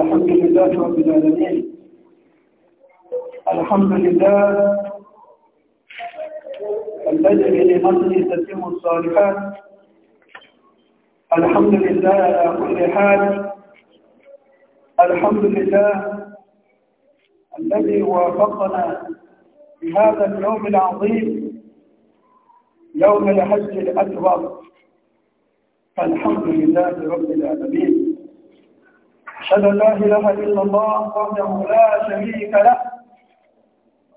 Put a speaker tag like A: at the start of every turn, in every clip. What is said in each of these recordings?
A: الحمد لله رب العالمين الحمد لله الذي بنعمته تتم الصالحات الحمد لله على كل حال الحمد لله الذي وافقنا بهذا اليوم العظيم يوم الحج الأكبر فالحمد لله رب العالمين أشهد أن لا إله إلا الله وحده لا شريك له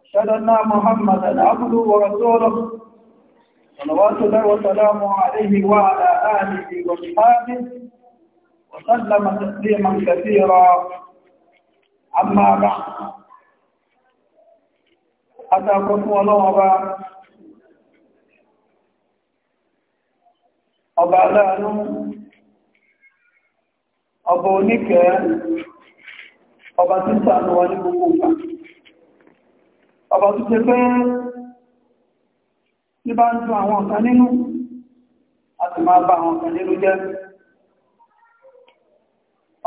A: أشهد أن محمدا عبده ورسوله صلوات الله وسلامه عليه وعلى آله وصحبه وسلم تسليما كثيرا أما بعد حتى الله أبا أبا لأنه ọba oníkẹ́ ọba tí sàánú wa ní gbogbo ìgbà ọba tó ṣe pé tí bá ń tún àwọn ọ̀kan nínú àti máa bá àwọn ọ̀kan nínú jẹ́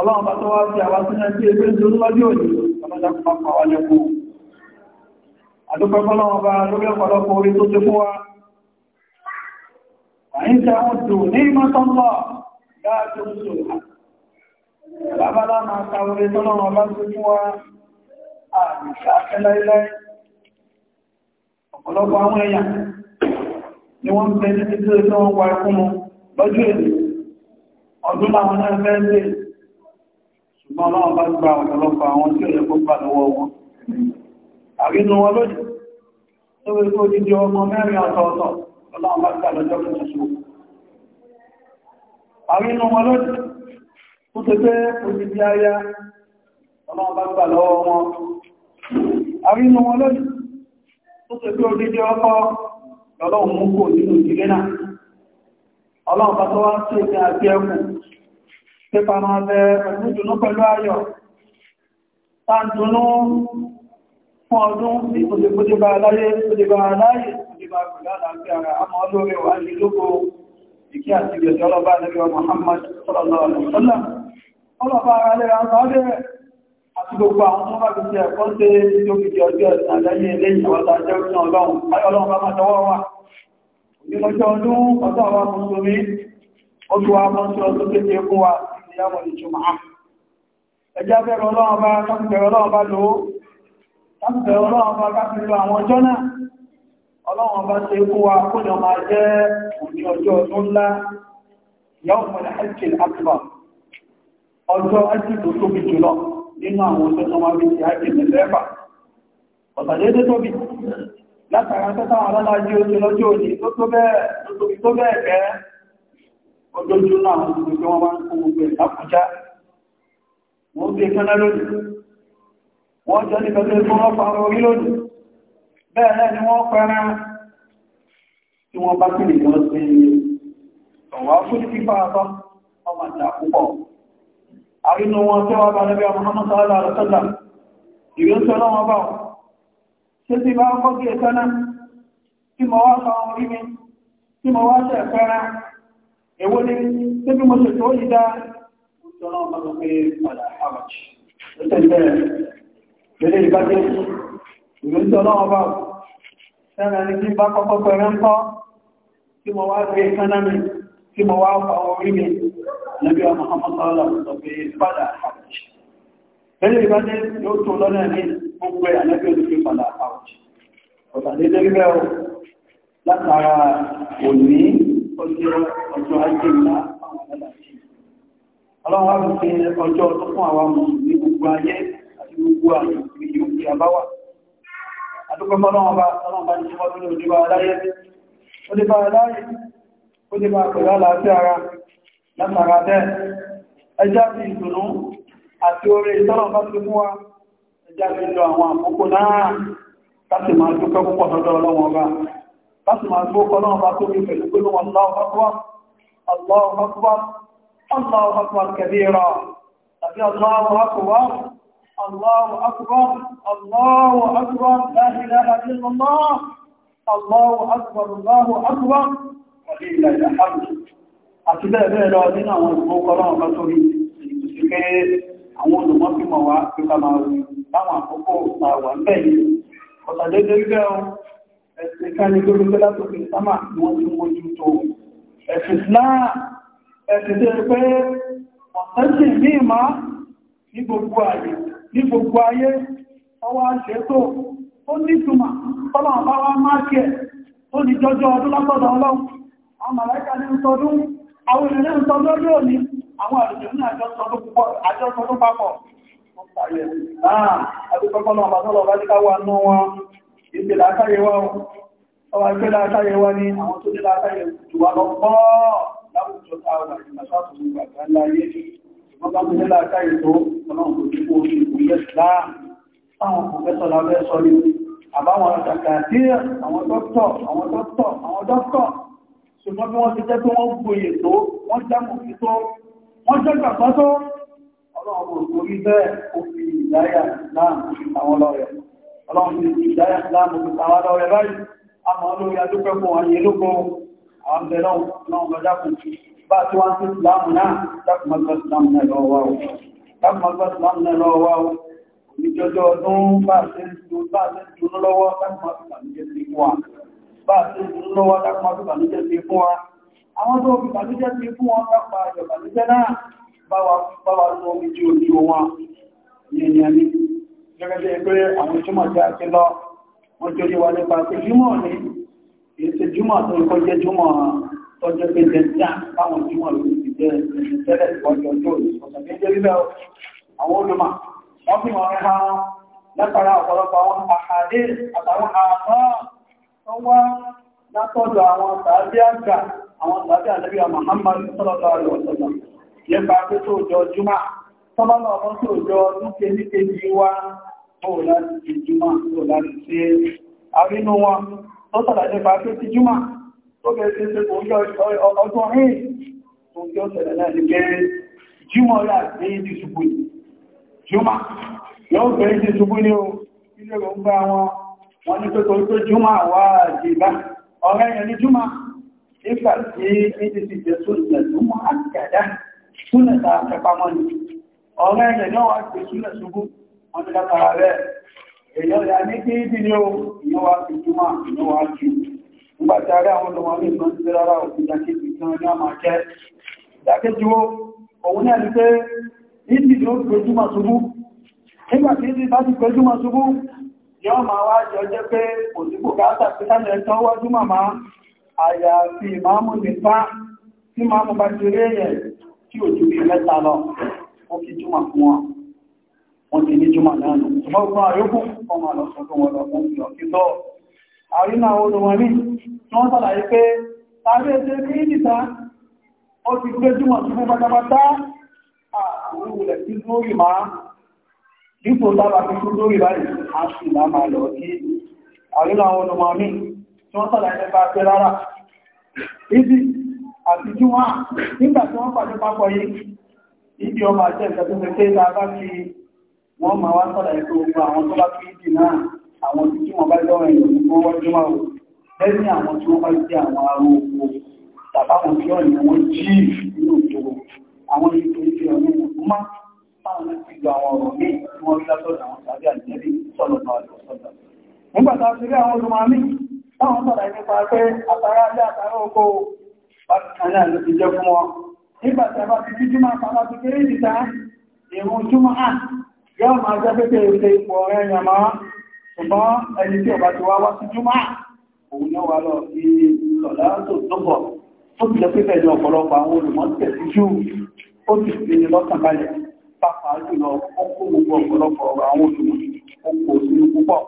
A: ọlọ́run bá tó wá sí àwọn sínú ẹgbẹ́ ẹgbẹ́ ìjọ lọ́jọ́ òní ọlọ́dàkùnmọ́ àwọn ẹkùn sọ̀rọ̀ Bàbálá máa ta orí tọ́nà ọba tó fún wa àmì ṣàfẹ́ Ọ̀pọ̀lọpọ̀ àwọn ẹ̀yà ni wọ́n ń ní títí tó lọju wà fún un lọ́jọ́ èdè. Ọdún láwọn náà fẹ́ ṣùgbọ́n náà bá gba ọ̀pọ̀lọpọ̀ àwọn tí ó ti pé omi bí ayá ọlọ́run bá gbà lọ́wọ́ wọn àrínú wọn lónìí ó ti pé omi bí ọkọ́ lọ́lọ́run mú kò nínú ìdílé náà ọlọ́run bá tó wá sí ìpín àti ẹkùn pípa máa bẹ ẹ̀kún dùnú pẹ̀lú ayọ̀ tàǹtùnú fún ọdún ní òdìbòdìbà aláyé òdìbà aláyé òdìbà àgbẹ̀lá àti àrà àmọ́ ọlọ́rẹ̀ wà ní lógó ìkí àti ìgbẹ̀jọ́ ọlọ́bá nílùú Muhammad sallallahu alaihi wasallam ọlọ́bá ara lẹ́ra ń sáré àti gbogbo àwọn tó bá fi ṣe ẹ̀kọ́ tẹ́ tó fi jẹ ọjọ́ ẹ̀sìn àdáyé lẹ́yìn àwọn tàjẹ́ òṣìṣẹ́ ọlọ́run ayọ́lọ́run bá máa tọwọ́ wà ìgbìmọ̀jọ́ ọdún ọjọ́ àwọn mùsùlùmí oṣù àwọn mọ́sùlọ́ tó kéde fún wa ìyàwó ìjùmọ̀ ọlọ́run bá ṣe kó wa kó lọ máa jẹ́ òní ọjọ́ tó ńlá yàwó mọ̀lá ẹ̀kìl akbar ọjọ́ ẹ̀kìl tó tóbi jùlọ nínú àwọn tó tó máa bí ti ẹ̀kìl mẹ́fẹ́fà ọ̀tàdédé tóbi látara tẹ́ta alálájí oṣù lọ́jọ́ òní tó tó bẹ́ẹ̀ gẹ́ ọjọ́jú náà wọ́n jẹ́ nípa tó ń fọ́nà fara orí lónìí bẹ́ẹ̀ ni wọ́n pẹ́rẹ́ tí wọ́n bá kìlì lọ sí ọ̀wọ́ fún ní pípa àtọ́ ọmọ ìjà púpọ̀ àrínú wọn tí wọ́n bá lẹ́bí ọmọ mọ́sánlá àrẹ́sọ́lá ìrìn tí ọlọ́wọ́ bá ṣe ti bá kọ́ sí ẹ̀kọ́ náà tí mo wá sọ ọmọ rí mi tí mo wá sẹ pẹ́rẹ́ èwo ni tí bí mo ṣe tó yìí dá ìtọ́nà ọmọ tó pé padà hàwàjì ìrìnjọ́ náà bá ṣẹ́rẹ̀ ní kí bá kọ́kọ́ pẹ̀rẹ́ ń kọ́ tí mo wá gbé kánámi tí mo wá fa orí mi lẹ́bí ọmọ ọmọ sọ́ọ́lọ̀ lọ́pẹ́ padà àwọ̀jì ẹlẹ́ ìbájẹ́ yóò tó lọ́nà ní gbogbo àlẹ́bí olùfẹ́ padà àwọ̀jì ọ̀tàdédé rẹ̀ o látara òní ọjọ́ ọjọ́ ajé ńlá ọlọ́run wá fi ọjọ́ fún àwọn mùsùlùmí gbogbo ayé àti gbogbo àyè yóò àbáwà àdúgbò mọ́nà ọba ọlọ́ọ̀bá ní ṣe wọ́n ní òdíbà aláyé òdíbà aláyé òdíbà pẹ̀lú àlàáfíà ara
B: látara bẹ́ẹ̀
A: ẹjá fi ìdùnnú àti orí ìtọ́lọ̀bá ti mú wa ẹjá fi lọ àwọn àkókò náà الله أكبر الله أكبر لا إله إلا الله الله أكبر الله أكبر ولله الحمد àtìlẹ́ ẹ̀rẹ́ ẹ̀rọ nínú àwọn ìfowópamọ́ ọ̀pá sórí ìpèsè àwọn olùmọ́fímọ̀ wa máa láwọn àkókò máa wà bẹ́ẹ̀ ọ ẹ̀sìn káni látòkè sámà wọ́n tó ẹ̀sìn ẹ̀sìn pé ní ìmá ní gbogbo ayé ní gbogbo ayé ọwọ́ àṣẹ́tò ó nítumà ọlọ́run bá wá máa kí ẹ̀ ó ní jọjọ́ ọdún látọ̀dọ̀ ọlọ́run àwọn màláìka ní ń sọdún àwọn ènìyàn ń sọdún lórí òní àwọn àrùjẹ̀ ní àjọ sọdún papọ̀ Ọwà ìpínlẹ̀ àtàyẹwà ni àwọn tó nílá àtàyẹ̀ jùwà lọ pọ́ láwùjọ ọba mi nílá aká ètò ọlọ́run tó ti kó orí ìpínlẹ̀ láàá àwọn pòfẹ́sọ̀ lábẹ́ sọ ní àbáwọn àtàkàtí àwọn dókítọ̀ àwọn dókítọ̀ àwọn dókítọ̀ ṣùgbọ́n bí wọ́n ti jẹ́ tó wọ́n gboyè tó wọ́n jámọ̀ sí tó wọ́n jẹ́ gbàgbọ́ tó ọlọ́run kò torí bẹ́ẹ̀ ó fi ìdáyà láàmù sí àwọn lọ́rẹ̀ ọlọ́run fi ìdáyà láàmù sí àwọn lọ́rẹ̀ báyìí àmọ́ lórí adúpẹ́ fún wọn bá tí wọ́n tí ìsìlámù náà dákùnmọ́gbà ìsìlámù náà lọ́wọ́ o dákùnmọ́gbà ìsìlámù náà lọ́wọ́ o ìjọjọ́ ọdún bá tí ń dúnú lọ́wọ́ dákùnmọ́gbà ìbànújẹ́ sí fún wa àwọn tó fi ìbànújẹ́ sí fún wọn lápá ìbànújẹ́ náà bá wa lọ omi jí ojú wọn yẹnyẹn ní gẹ́gẹ́ pé àwọn ìjọmọ̀ tí a ti lọ wọ́n jọ yíwa nípa pé jùmọ̀ ní èyí tí jùmọ̀ tó ń tọ́jọ́ pé jẹjá fáwọn tí wọ́n lórí ti jẹ́ tẹ́lẹ̀ ìwọ́jọ́ tó ìsọ̀tọ̀ méjì rí bẹ́ẹ̀ àwọn olùmọ̀ wọ́n fi wọ́n ha látara ọ̀pọ̀lọpọ̀ àwọn àhàdé àtàwọn àmọ́ tó wá látọ́dọ̀ àwọn tàbí àgbà àwọn tàbí àlẹ́bí Muhammad sọ́lọ́dọ̀ rẹ̀ ọ̀sọ̀tọ̀ nípa pé tó jọ júmà tọ́bálọ̀ ọmọ tó jọ lúkẹ́ ní kejì wá tó láti júmà tó sọ̀rọ̀ nípa pé ti júmà tó bẹ̀ẹ́ tí ṣe kò ń yọ ọdún rí tó ń yọ tẹ̀lẹ̀ náà ní gẹ́rẹ́ jímọ̀ rà ní ìdí ṣubú ní jùmọ̀ yóò gbé ìdí ṣubú ní o ilé rọ̀ ń bá wọn wọ́n ní pẹ́tọ́ pé jùmọ̀ wà jìbá ọ̀rẹ́ yẹn ní jùmọ̀ nígbà tí ìdí ti jẹ́ sóòlẹ̀ jùmọ̀ àgàdá súnẹ̀ ta àtẹ́pamọ́ ni ọ̀rẹ́ yẹn náà wà gbé súnẹ̀ ṣubú wọ́n ti nígbàtàrí àwọn olùwọ́nmí ìgbọ́n ti rárá òfìdàkejì kan ní àmà jẹ́ ìdàkejì ó òun ní àti pé ìdí tó gbẹjúmọ̀ ṣubú nígbàtí ìdí bá ti gbẹjúmọ̀ ṣubú yọ́ ma wá jọ jẹ́ pé òsìkò káàtà sí sáàlẹ̀ tán wájú màmá àyàfi ìmáàmù nípa tí máàmù bá ti rí èyẹ̀ tí ò ju mẹ́ta lọ ó fi júmọ̀ fún wọn wọ́n ti ní júmọ̀ náà lọ ṣùgbọ́n gbọ́n àyókù ọmọ àlọ́sọ̀tún wọn lọ fún ìlọ́kítọ́ọ̀ àrínà olùwọ̀nrí tí wọ́n sàlàyé pé tàbí ẹ̀ṣẹ́ ní ìdìta ó ti gbé jùmọ̀ sí fún pátápátá àwúrúwulẹ̀ tí lórí máa dípò lára fi tún lórí báyìí a sì náà máa lọ sí àrínà olùwọ̀nrí tí wọ́n sàlàyé bá pẹ́ rárá ìdí àti jùmọ̀ nígbà tí wọ́n pàdé papọ̀ yìí ìdí ọmọ àti ẹ̀ṣẹ́ tó fẹ́ kéta bá fi wọ́n máa wá sàlàyé tó gbogbo àwọn tó bá àwọn tí wọ́n bá lọ́rọ̀ ìlú tó wọ́jú máa wò lẹ́yìn àwọn tí wọ́n bá jẹ́ àwọn ará oko tàbáwọn tí wọ́n ní wọ́n jí nínú ìṣòro àwọn ètò ìṣẹ́ ọmọ ìgbìmọ̀ táwọn ti gba àwọn ọ̀rọ̀ ní tí wọ́n rí látọ̀dọ̀ àwọn tàbí àjẹ́rí sọ̀rọ̀ náà lọ sọ̀dọ̀ nígbà tá a ti rí àwọn olùmọ̀ àmì táwọn sọ̀rọ̀ nípa pé àtàrà alẹ́ àtàrà oko bákan náà ló ti jẹ́ fún wọn nígbà tí a bá ti fi júmọ̀ àpamọ́ ti kéré ìdìta ìrùn júmọ̀ à yóò máa jẹ́ pé kèrè ipò ọ̀rẹ́ yàmọ́ ṣùgbọ́n ẹni tí ọba ti wá wá sí júmọ́ òun náà wà lọ sí ọ̀lá tó tọ́bọ̀ tó ti lọ pé bẹ̀rẹ̀ ọ̀pọ̀lọpọ̀ àwọn olùmọ̀ tẹ̀sí jù ó ti fi ní lọ́kàn balẹ̀ pápá jùlọ ó kó gbogbo ọ̀pọ̀lọpọ̀ àwọn olùmọ̀ ó kò sí púpọ̀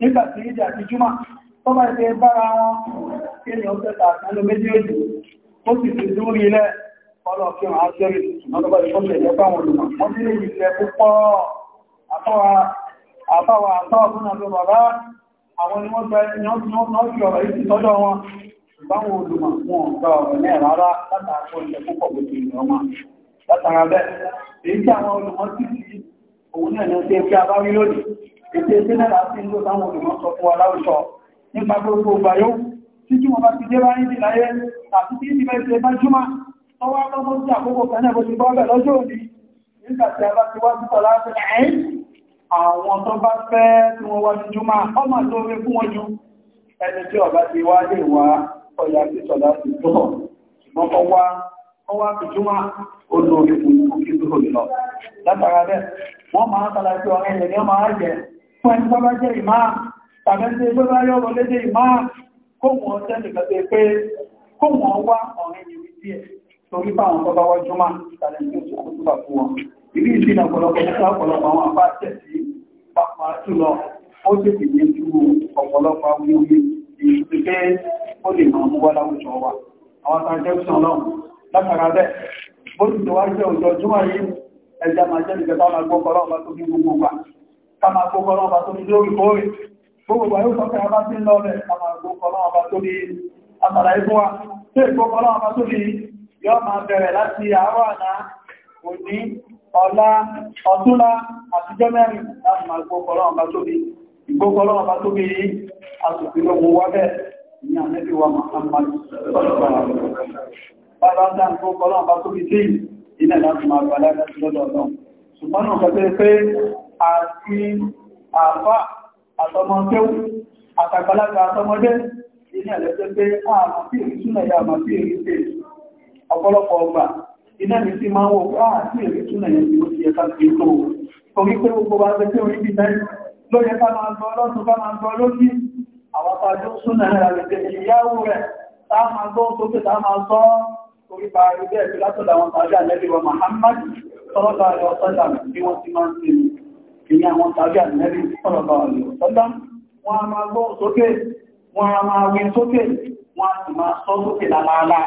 A: nígbà tí a ti kọ́lọ̀ kí wọ́n á sẹ́rì lọ́dọ́bọ̀ ìfọ́sẹ̀ jẹ́ fáwọn olùmọ̀ wọ́n tí lè ìfẹ́ púpọ̀ àtọ́wà àtọ́ọ̀bùn àti bàbá àwọn ni wọ́n bẹ̀rẹ̀ ni wọ́n fi ọ̀rọ̀ yìí tọ́jọ́ wọn ìbáwọn olùmọ̀ wọn gba ọ̀rọ̀ ní ẹ̀rára látàkọ́ ilẹ̀ púpọ̀ gbogbo ìlú ọmọ látara bẹ́ẹ̀ èyí tí àwọn olùmọ̀ sì sí òun náà ni ó ṣe fi abáwí lónìí ètò ẹgbẹ́ náà láti ń lò táwọn olùmọ̀ sọ fún wa láwùjọ nípa gbogbo ìgbà yóò tí kí wọn bá ti dé bá ní ìdíláyé tàbí tí ìdílé ṣe bá júmọ́ Ọwọ́ akọ́kọ́ sí àkókò kan náà bó ti bọ́ọ̀bẹ̀ lọ́jọ́ òní, nígbàtí a bá ti wá sí sọ láti ẹ̀yìn, àwọn tó bá fẹ́ tí wọ́n wá ní Júmọ́, ọmọ tó rí fún wọn ju ẹni tí ọ̀bá ti wá lè wá ọ̀yà sí sọ láti tọ́. Ṣùgbọ́n kọ́ wá, kọ́ wá fi Júmọ́ olóòrí fún òkè tó lọ. Látara bẹ́ẹ̀, wọ́n máa ń tàlà sí ọ̀rẹ́ ilẹ̀ ní ọmọ ajẹ fún ẹni bọ́bá jẹ́ ìmáà, tàbí ẹni tó bá yọ́ wọlé dé ìmáà, kó wọ́n tẹ́lẹ̀ kẹ́ torí báwọn tó bá wájú máa ìtàlẹ̀ tí ó ti kó tó bà fún wọn ìrí ìdí náà ọ̀pọ̀lọpọ̀ nípa ọ̀pọ̀lọpọ̀ àwọn àbá tẹ̀sí pàpà jùlọ ó tètè yẹn ju ọ̀pọ̀lọpọ̀ awuyewuye èyí ti pé ó lè máa mú wá láwùjọ wa àwọn tá a jẹ́ sàn náà látara bẹ́ẹ̀ bó ti tó wá jẹ́ òjò ọjọ́ yìí ẹja máa jẹ́ ìjọba máa gbọ́ kọ́lọ́ ọba tó ní gbogbo wa ká máa gbọ́ kọ́lọ́ ọba tó ní lórí kóòrè gbogbo wa yóò sọ pé ń lọ ká máa gbọ́ kọ́lọ́ ọba tó ní àtàlàyé fún yọ́ máa bẹ̀rẹ̀ láti àárọ̀ àná òní ọ̀la ọ̀túnlá àtijọ́ mẹ́rin láti máa gbókọ̀ọ́lọ́ ọba tóbi ìgbókọ̀ọ́lọ́ ọba tóbi yìí wa Muhammad bàbá dá ìgbókọ̀ọ́lọ́ ọba tóbi tí ilẹ̀ láti máa gbà láti lọ́dọ̀ ọ̀nà ṣùgbọ́n nù kẹ́kẹ́ pé àti àfà àtọmọkéwù àtàgbàlagbà àtọmọdé ilẹ̀ lẹ́jẹ́ pé àmàfíì ìsúnlẹ̀ àmàfíì ìrìsẹ̀ ọ̀pọ̀lọpọ̀ ọgbà iná mi sí máa ń wọ́n wá ah, sí èrè túnà yẹn tí ó ti ẹ̀ka sí tó torí pé gbogbo wa ṣe pé orí bí náà ló yẹ ká máa gbọ́ lọ́tún ká máa gbọ́ lójú àwọn pàdé súnà náà rẹ̀ tẹ̀lé ìyáwó rẹ̀ tá a máa gbọ́ sókè tá a máa sọ orí bá rí bẹ́ẹ̀ sí látọ̀dọ̀ àwọn tàbí ànẹ́bí wa Muhammad sọ́lọ́dọ̀ àrẹ ọ̀sọ́dà bí wọ́n ti máa ń ṣe ìní àwọn tàbí ànẹ́bí sọ́lọ́dọ̀ àrẹ ọ̀sọ́dà wọ́n a máa gbọ́ sókè wọ́n a máa wí sókè wọ́n a sì máa sọ sókè lálàálàá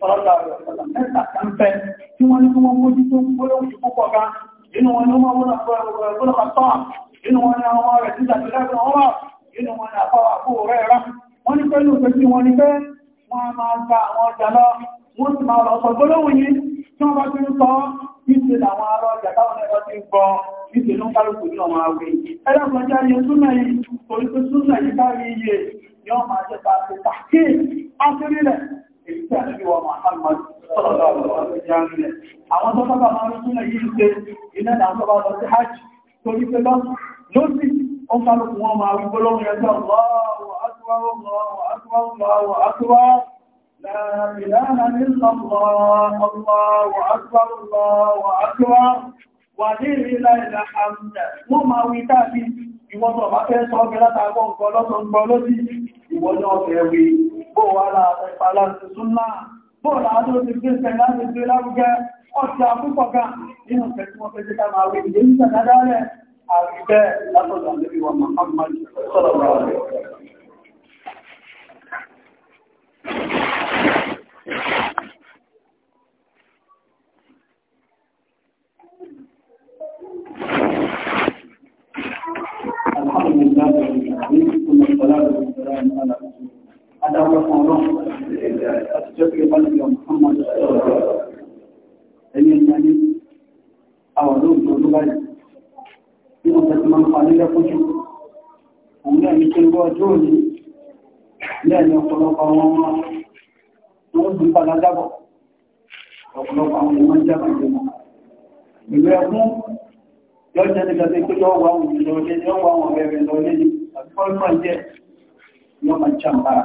A: Wọ́n ní pẹ́lú pẹ̀lú wọn ni pé wọ́n máa gba àwọn ọjà lọ, wọ́n sì máa lọ sọ gbọ́lọ́wò yìí tí wọ́n bá ti ń sọ ìṣe àwọn arọ ọjà táwọn ẹ̀rọ ti ń gbọ́ ìṣe ló ń kálùkù ní ọmọ àwẹ̀. Ẹlẹ́gbọ́n jẹ́ ayé súnà yìí, torí pé súnà yìí bá rí iye, yọ́ máa jẹ́ Àwọn tó sábà máa ń súnlẹ̀ yìí ṣe iná ìdájọba lọ sí hajj torí pé lọ lórí ó kálùkù wọn máa wípé lọ́wọ́ ẹgbẹ́ Allahu akbar Allahu akbar Allahu akbar la ilaha illallah Allahu akbar Allahu bó wà láàrín pàlásì súnmá bó láàrín ó ti gbé sẹ́lá ti gbé láwùjẹ́ ọ̀tí àpúpọ̀ gan nínú tẹ̀sí wọn fẹ́ ká máa rí ìdí nígbà dáadáa rẹ̀ àrígbẹ́ látọ̀dọ̀ àlébí wa Muhammad sọ́lọ̀rọ̀ rẹ̀ الحمد لله رب العالمين والصلاه والسلام على adáwọ̀ fún ọlọ́run láti jẹ́ pé bá nílò Muhammad ẹni ẹni ẹni àwọn olóògbé olúbáyé tí wọ́n tẹ́sí máa ń pa nílẹ̀ fójú òun náà ní kí lọ́wọ́ ọjọ́ òní lẹ́ẹ̀ni ọ̀pọ̀lọpọ̀ àwọn ọmọ tó ń dùn padà dábọ̀ ọ̀pọ̀lọpọ̀ àwọn ọmọ jábọ̀ ìjọba ìlú ẹkún yóò jẹ́ nígbà tí yọ́ wà òun lọ lé yọ́ wà òun rẹ̀ lọ lé ní àti fọ́nfọ́n jẹ́ yọ́ máa jàmbára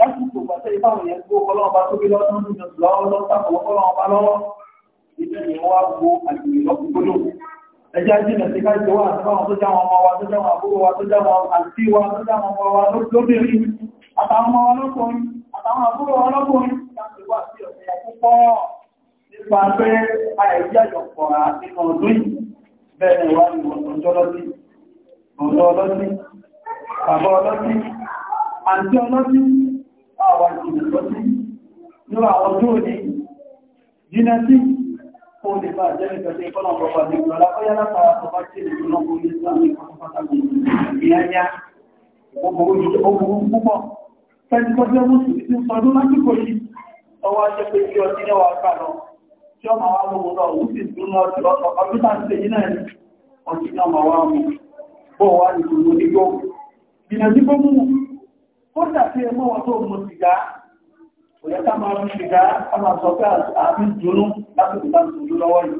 A: lásìkò gbàtẹ́ ìbáwọn yẹn gbó ọlọ́ọ̀bá tó bí lọ́dún ní lọ́wọ́ lọ́sàkọ̀ọ́ ọlọ́ọ̀bá lọ́wọ́ ìbí ni wọ́n wá gbó àgbèrè lọ́kùnkúndò ẹjẹ́ ajínà sí káàkiri wà àtàwọn tó jáwọn ọmọ wa tó jáwọn àbúrò wa tó jáwọn àti wa tó jáwọn ọmọ wa lóbìnrin àtàwọn ọmọ ọlọ́kùnrin àtàwọn àbúrò ọlọ́kùnrin láti wà sí ọ̀sẹ̀ púpọ̀ nípa pé àìjájọ̀ pọ̀ra nínú ọdún yìí bẹ́ẹ̀ ni wà ní ọ̀tọ̀ ọlọ́sí bàbá ọlọ́sí àǹtí ọlọ́sí àwọn ìjìnlẹ̀ sí ní àwọn tó ní jìnà sí kó lè bá jẹ́ ìfẹ́sẹ̀ ìkọ́nà ọ̀pọ̀pọ̀ ní ìgbàlá ó yára tàà tó bá jẹ́ ìrìnà kó ní ìsàmì pátápátá ìyáyá ogun púpọ̀ fẹ́ni tó jẹ́ mùsùlùmí tí ń sọdún lásìkò yìí ọwọ́ ajẹ́ pé kí ọtí lẹ́wà ọ̀pá lọ tí ọmọ wa mú lọ òun sì tún lọ sí ọdún tá ń ṣe yìí náà ọtí náà mọ̀ wá mú bó wá ìgbòho nígbò kódà tí ẹ mọ́ wọn tó mú sìgá kò yẹ ká máa mú sìgá ká máa sọ pé àbí dùnú láti ìgbà dùnú lọ́wọ́ yìí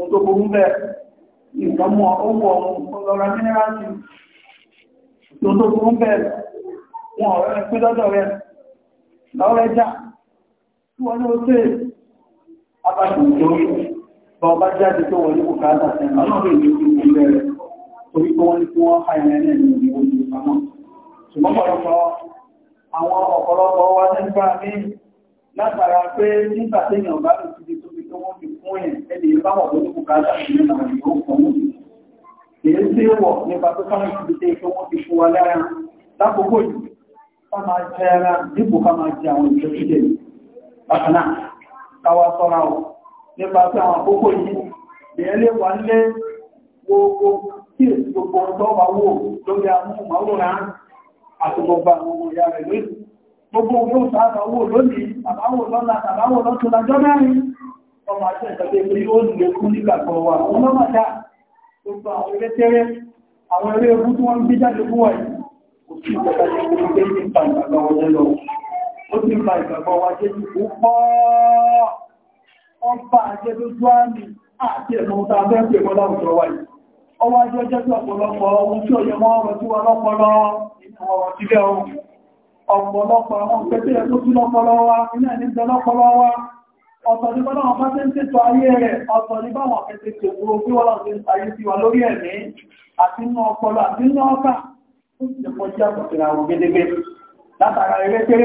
A: ohun tó burú bẹ́ẹ̀ nǹkan mú ọwọ́ ọlọ́ra mínírààtì ohun tó burú bẹ́ẹ̀ wọn ọ̀rẹ́ rẹ pé lọ́dọ̀ rẹ lọ́rọ̀ ẹja tí wọ́n ní ó tẹ́ abájú bá ọba jáde tó wọ́n ní kí wọ́n ha ṣùgbọ́pọ̀lọpọ̀ àwọn ọ̀pọ̀lọpọ̀ wa nígbà ní látara pé nígbà tí èèyàn bá lè ti tóbi tó wọ́n ti fún ẹ̀ ẹni ìbá wọ̀ ló kù káàdà sí nígbà yóò fún un èyí tí ó wọ̀ nípa tó sáwọn ìtìbí tí èso wọ́n ti fún wa lára lákòókò yìí ká máa jẹ ara dípò ká máa jẹ àwọn ìjọ sílẹ̀ bákan náà káwa sọ́ra ọ̀ nípa tí àwọn àkókò yìí èèyàn lè wà nílé gbogbo kí èsì gbogbo ọjọ́ wà wò lórí amóhùnmáwòrán àti gbogbo àwọn ọmọ ìyá rẹ̀ lónìí gbogbo owó sáàtà owó lónìí àbáwò lọ́la àbáwò lọ́tún lájọ́ mẹ́rin ọmọ àti ìtàgbé pé yóò lè kún nígbàgbọ́ wa àwọn ọlọ́mọdá gbogbo àwọn eré tẹ́rẹ́ àwọn eré ogun tí wọ́n ń gbé jáde fún wa yìí kò sí ìjọba tí ó gbé ní ìpa ìgbàgbọ́ wọn jẹ́ lọ ó ti ba ìgbàgbọ́ wa jẹ́ ti kú pọ́ ọba àjẹ́ lójú àmì àti ẹ̀mọ́ ta fẹ́ pè mọ́ láwùjọ wa yìí ọwọ́ ajọ́ jẹ́ tí ọ̀pọ̀lọpọ̀ ohun tí ó yẹ wọ́n rọ̀ tí wọ́n lọ́pọ̀lọ́ nínú ọ̀rọ̀ sílẹ̀ ohun ọ̀pọ̀lọpọ̀ àwọn pẹ̀tẹ́ ẹ̀kọ́ tí lọ́pọ̀lọ́ wa iná ní jẹ lọ́pọ̀lọ́ wa ọ̀tọ̀ ní bọ́lá wọn bá tẹ́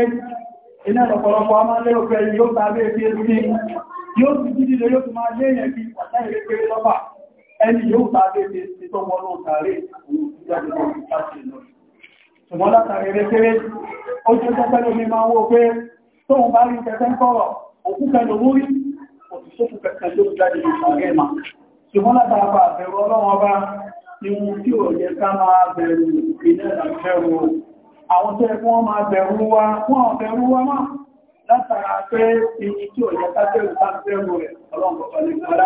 A: ń iná lọ́pọ̀lọpọ̀ a máa lérò pé yóò tàbí ètí yóò ti dídí lè yóò ti máa lé èèyàn bí wà ẹni yóò bá dédé sí tó wọ́n ló tààrí àwọn ìjọba ìpàṣẹ lọ. ṣùgbọ́n látàrí rẹ́kẹ́rẹ́ ó jẹ́ tẹ́tẹ́ lómi máa wó pé tóun bá rí tẹ́tẹ́ ń kọ́rọ̀ òkú kẹlò lórí òtútù kẹkẹ ló jáde ní ṣàrẹ́ mà ṣùgbọ́n látàrí àbẹ̀rù ọlọ́run ọba ihun tí ò yẹ ká máa bẹ̀rù ìpínlẹ̀ ìbẹ̀rù àwọn tó yẹ kí wọ́n máa bẹ̀rù wa wọ́n bẹ̀rù wa máa látara pé ihun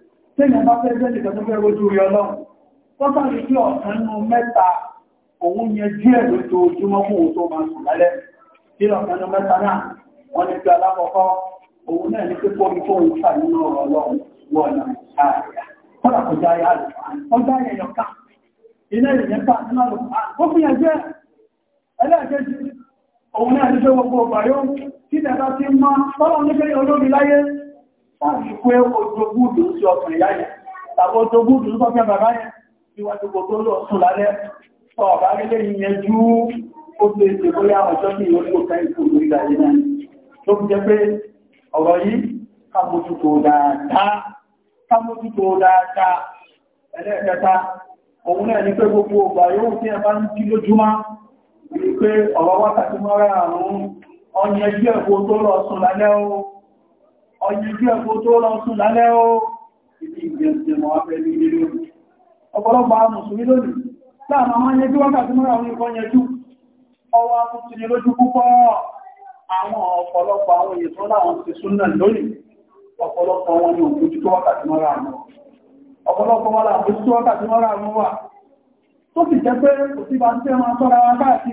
A: tẹ́lẹ̀ bá fẹ́ jẹ́ nìkan tó fẹ́ rojú rí ọlọ́run tọ́tà rí kí ọ̀kan nínú mẹ́ta òun yẹ díẹ̀ lójoojúmọ́ fún òun tó máa sùn lálẹ́ kí ọ̀kan nínú mẹ́ta náà wọ́n ní pé alákọ̀ọ́kọ́ òun náà ní pé kómi fóun fà nínú ọ̀rọ̀ ọlọ́run wọ̀nà àyà kọ́lá kò já ayá rẹ̀ ọjọ́ ayẹ yọ ká iná ìyẹn ká nínú àlọ́ ó fi yẹn jẹ́ ẹlẹ́ẹ̀kejì òun náà ní pé gbogbo ọgbà yóò kí láti pé ojogúdù sí ọkùnrin yáyẹ̀ tàbí ojogúdù sí ọkùnrin bàbá yẹn tí wọ́n ti gbogbo lọ sùn lálẹ́ sọ ọ̀bá lílé ìyẹn jú ó lè ṣe bóyá ọjọ́ sí ìwọ́n tó kẹ́ ìkú lórí ìdáyé náà tó fi jẹ́ pé ọ̀rọ̀ yìí kàmójútó dáadáa kàmójútó dáadáa ẹlẹ́ẹ̀kẹta òun náà ní pé gbogbo ọgbà yóò tí ẹ bá ń jí lójúmá ní pé ọ̀rọ̀ wákàtí mọ́ra àrùn ọ̀yẹ̀jú ẹ̀kọ́ tó lọ sùn lálẹ́ o ọ̀yẹ̀jú ẹ̀kọ́ tó lọ sùn lálẹ́ ó ọ̀pọ̀lọpọ̀ mùsùlùmí ọ̀pọ̀lọpọ̀ wọn ni òkú títọ́ wákàtí mọ́ra àwọn ọ̀pọ̀lọpọ̀ wọn làbú títọ́ wákàtí mọ́ra àwọn wà tó sì jẹ́ pé kò sí bá ń tẹ́ wọn tọ́ra wákàtí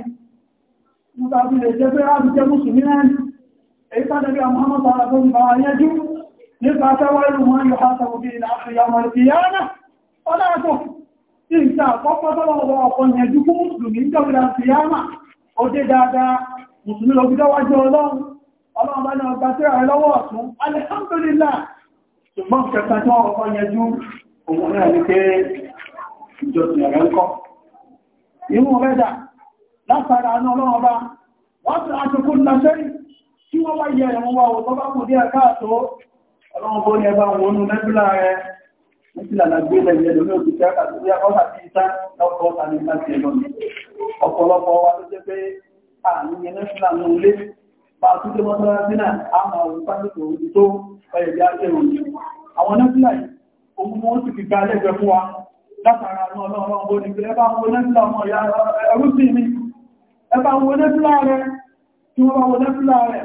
A: èyí tánàbí àmọ́mọ́ta àgbọ́n bá yẹjú nípa tẹ́wàrù wọn yóò hátà òbí ìlàáfíyàmọ̀ ìyáná ọlọ́tọ̀ tí ń ta àkọ́kọ́ tọ́lọ́wọ́ ọkọ̀ yẹjú fún mùsùlùmí jọ́gbìdà ìyáná ó dé dáadáa mùsùlùmí lọ gbídọ́ wájú ọlọ́run ọlọ́run bá náà gbá tẹ́rà lọ́wọ́ ọ̀tún alhamdulillah ṣùgbọ́n kẹta tó ọkọ̀ yẹjú òun náà ní pé ìjọsìn ẹ̀rẹ́ ń kọ́ inú rẹ̀dà látara náà ọlọ́run bá wọ́n ti aṣokún lọ sẹ́yìn tí wọ́n bá yẹ ẹ̀wọ̀n wa ọ̀tọ́ bá kò dé àkáàtọ́ ọlọ́run bó ní ẹbá wọn nú mẹ́bílà rẹ̀ mẹ́bílà làgbé lẹ́yìn ẹ̀lọ́mí òkúta àkàtúndí akọ́ta ti ìta lọ́pọ̀ tàbí láti ẹ̀lọ́ ọ̀pọ̀lọpọ̀ wa tó jẹ́ pé ààrùn yẹn mẹ́bílà ní ilé bá tún dé mọ́tọ́ láti náà a máa wù pásítọ̀ òun tó ọyẹ̀ bí a ṣe rò ní àwọn mẹ́bílà yìí òun mọ́ sì fi gba lẹ́gbẹ̀ẹ́ fún wa látara àwọn ọlọ́run bó ní pé ẹ bá wọn nẹ́bílà ọmọ ìyá ẹrú sí mi ẹ bá wọn nẹ́bílà rẹ̀ tí wọ́n bá wọn nẹ́bílà rẹ̀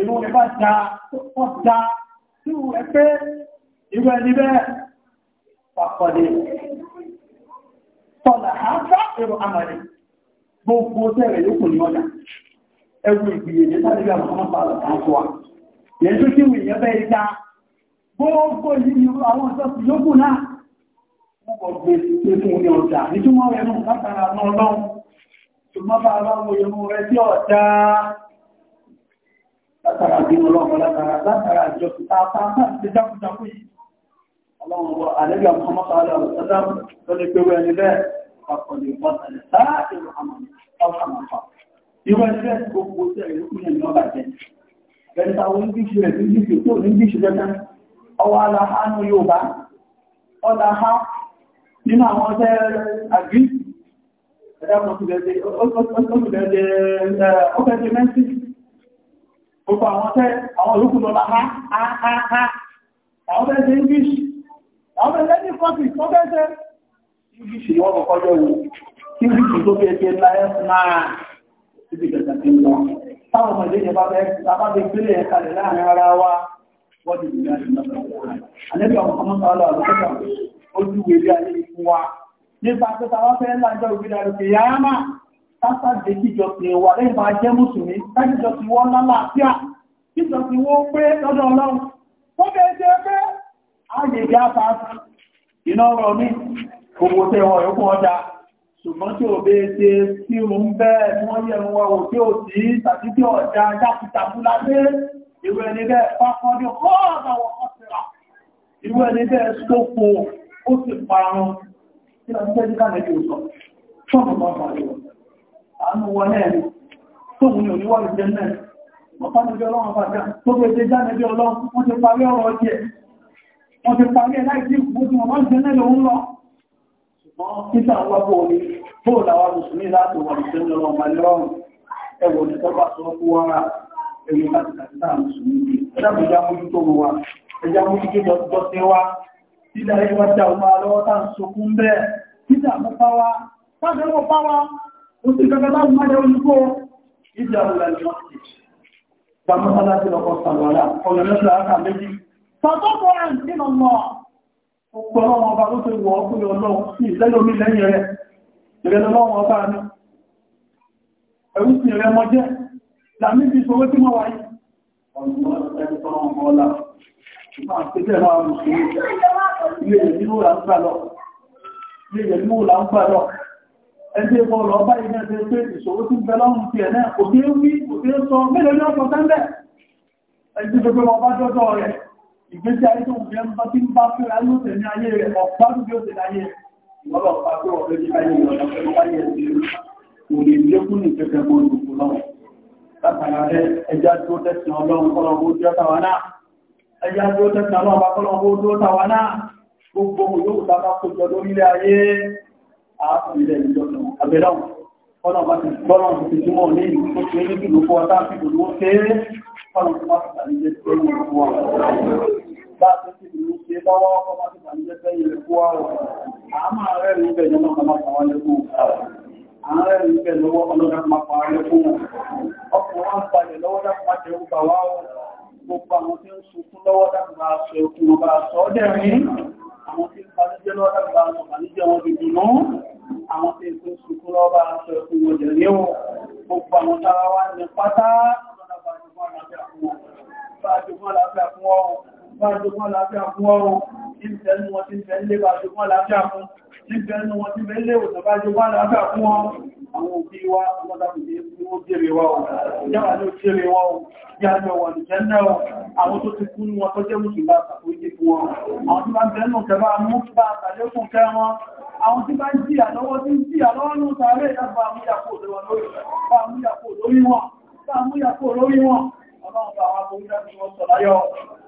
A: ìlú rẹ̀ bá já pọ́ tí ó rẹ̀ pé ìwé ẹni bẹ́ẹ̀ tọ́lá àáfá èrò àmàrí gbogbo tẹ́rẹ̀ yóò ní ọjà ẹgbù ìgbìyànjẹ́ tàbí àwọn ọmọ pàlọ̀ àtọ́wà yẹjú tí fún ní ọjà nítorí rẹ̀ nù látara náà lọ́wọ́ ṣùgbọ́n bá aláwọ̀ yẹmú rẹ̀ sí ọjà látara bí ọlọ́run látara ìjọ Ọlọ́run àlẹ́gbà Muhammadu Alẹ́gbà tó lè pẹ̀wẹ́ ẹni bẹ́ẹ̀ pàkọ̀lẹ̀ ìpọ̀tàlẹ̀ sáàtì ìrọ̀hàmàlẹ̀ ọ̀hàmàfà. Irú ẹni bẹ́ẹ̀ tó kó sí ẹ̀rí kúrò ní ọba jẹ́. Ẹni táwọn onígbìṣì rẹ̀ nígbìṣì tó nígbìṣì lẹ́tẹ́. Ọwọ́ aláhánú Yorùbá, ọlá ha nínú àwọn ọjọ́ àgbí, ẹ̀dá kan ti bẹ̀ẹ́ gbogbo àwọn tẹ́ àwọn olókùn lọ láhá ha àwọn bẹ́ẹ̀ english àwọn bẹ́ẹ̀ lẹ́ni kọ́sì tó bẹ́ẹ̀ ṣe english yọ́ ọkọ̀ jọ wò english tó bẹ́ẹ̀ ṣe láyé máa síbi kẹta tí ń lọ táwọn ọmọ ọmọ kápá dé kíjọ sí wà lẹ́yìn máa jẹ́ mùsùlùmí kájíjọ sí wọ́n lálàáfíà kíjọ sí wọ́n pé lọ́dọ̀ ọlọ́run ó bẹ́ẹ̀ jẹ́ pé a lè gbá fàáfà iná ọ̀rọ̀ mi gbogbo tẹ́ wọn yóò kún ọjà ṣùgbọ́n tí ò bẹ́ẹ̀ ṣe sí òun bẹ́ẹ̀ tí wọ́n yẹ̀ wọn ò tí ò sí tàbí tí ọjà jákùtàkù lábẹ́ irú ẹni bẹ́ẹ̀ pápọ́dún kọ́ọ̀dà wọ́n kọ́sìrà irú ẹni bẹ́ẹ̀ sófo ó sì parun kí lọ sí ẹjíkà lẹ́jọ́ sọ fọ́nà mọ́ àánú wọn náà ni tó mú ní oníwà ìjẹ́ náà ọ̀pánibí ọlọ́run pàtà tó gbèsè jánibí ọlọ́run wọ́n ti parí ọ̀rọ̀ ọjẹ́ wọ́n ti parí ẹ̀ láì tí ìgbójú wọn máa ń jẹ́ náà lòun lọ ṣùgbọ́n títà wá bó ní bóò làwọn mùsùlùmí láti wà ìjẹ́ lọ́rọ̀ malẹ́rọ̀rùn ẹwọ̀ ní tọ́gbà sọ fún wára ẹ̀yẹ láti kàtà mùsùlùmí ẹ̀dàbùjá mójú tó wà ẹjá mójú ọmọ alọ́wọ́ tá à ń sokún bẹ́ẹ̀ títà mọ́ pá wa ó sì kẹta láti má jẹ́ olùkó ọmọ ọ̀pọ̀lọ́ ọba ló ọmọ ọlá ilé ìlú là ń ẹgbẹ́ ẹgbọ́ lọ bá ẹgbẹ́ pé ìṣòro tí ń ti ẹ̀ náà kò tí ó sọ mélòó ọ̀pọ̀ sẹ́ńdẹ̀ ẹgbẹ́ gbogbo wọn bá rẹ̀ ìgbésí ayé tó ń ń bá tí ń bá fẹ́ra ló ní ayé rẹ̀ ọ̀pá tó bí ó tẹ̀ láyé ìwọ́lọ̀ pa ọ̀rẹ́ ní ayé ìrọ̀lẹ́ pẹ̀lú ayé ẹ̀sìn kò lè lékún ní ìfẹ́fẹ́ mọ́ ìdòkú lọ́wọ́ látara rẹ̀ ẹja tó tẹ̀sán ọlọ́run kọ́lọ́wọ́ tó tàwa náà ẹja tó tẹ̀sán ọlọ́run kọ́lọ́wọ́ tó tàwa náà gbogbo yóò dábàá kó jọ lórílẹ̀ ayé ààfin ilẹ̀ ìjọba àbẹ̀láwọ̀ ọ̀nà bá ti gbọ́nà ti túnmọ̀ ní ìlú tó ṣe ní ìlú fún ọ̀tá àti ìlú ṣe é ọ̀nà tó bá ti tàbíjẹ́ tó ń fún ọ̀rọ̀ bá ti ti ìlú ṣe lọ́wọ́ ọkọ̀ bá ti tàbíjẹ́ tó ń fún ọ̀rọ̀ àmà rẹ̀ ń bẹ̀ nínú ọmọ àwọn ẹlẹ́kùn àárẹ̀ ń bẹ̀ lọ́wọ́ ọlọ́dà máa pa ààrẹ fún ọkọ̀ wọn balẹ̀ lọ́wọ́ dá máa jẹ́ ọgbà wá gbogbo àwọn tí ń sunkún lọ́wọ́ dá máa àwọn tí ó sùkú lọ́bà aṣọ ẹkùn wọ̀dẹ̀ ní o gbogbo àwọn tara wá ní pátá bájúgbọ́n láfíà fún ọrùn bájúgbọ́n láfíà fún ọrùn tí bẹ̀ẹ́nu wọn ti bẹ̀ẹ́ lé bájúgbọ́n láfíà fún tí bẹ̀ẹ́nu wọn ti bẹ̀ẹ́ lé òtò bájúgbọ́n láfíà fún ọrùn àwọn òbí wa ọmọdàbìdì ní ó jèrè wa ọ̀ yáwà ní ó jèrè wa ọ̀ yájọ wà ní jẹ́ndà ọ̀ àwọn tó ti kú ní wọn tó jẹ́ mùsùlùmí àtàkùn ìdìbò àwọn tí bá ń jìyà lọ́wọ́ tí ń jìyà lọ́wọ́ ní sàárè dábà àmúyàpò lórí wọn àmúyàpò lórí wọn ọlọ́run bá wa borí láti wọn sọ láyọ̀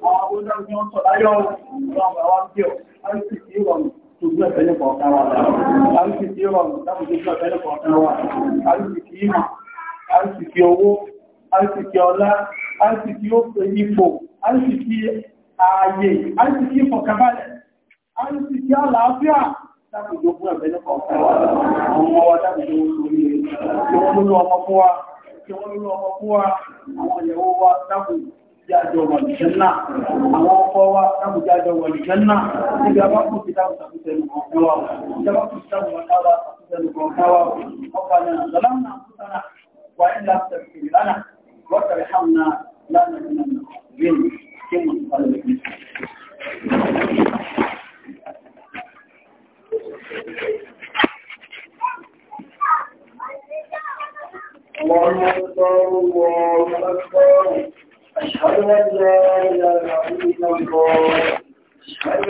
A: àwọn orílẹ̀-èdè tí wọ́n sọ láyọ̀ ọlọ́run bá wa ń jẹ́ ọ̀ láti fi ìrọ̀rùn tó gbé ẹ̀fẹ́lẹ́ kọ̀ọ̀kan dákùjọ fún ẹ̀bẹ̀ nípa ọ̀fún wa ọmọ wa dákùjọ orí rẹ̀ kí wọ́n lórí ọmọ fún wa kí wọ́n lórí ọmọ fún wa àwọn ìyàwó wa dákùjọ jájọ wọ̀lìṣẹ́ náà àwọn ọkọ̀ wa dákùn jájọ wọ̀lìṣẹ́ náà níbi abákùn ti dákùn sàkúsẹ̀lù ọ̀kan wa ìjọba kùn ti dákùn wọ̀lá sàkúsẹ̀lù ọ̀kan wa ọkọ̀ àyàn àdọ́lámà àkúsànà wà ilẹ̀ àtẹ̀sìrì lánà rọ́tàrí hàmà lánà nínú ìgbẹ̀rù kí mọ̀ اللهم اكبر الله اكبر اشهد ان لا اله الا الله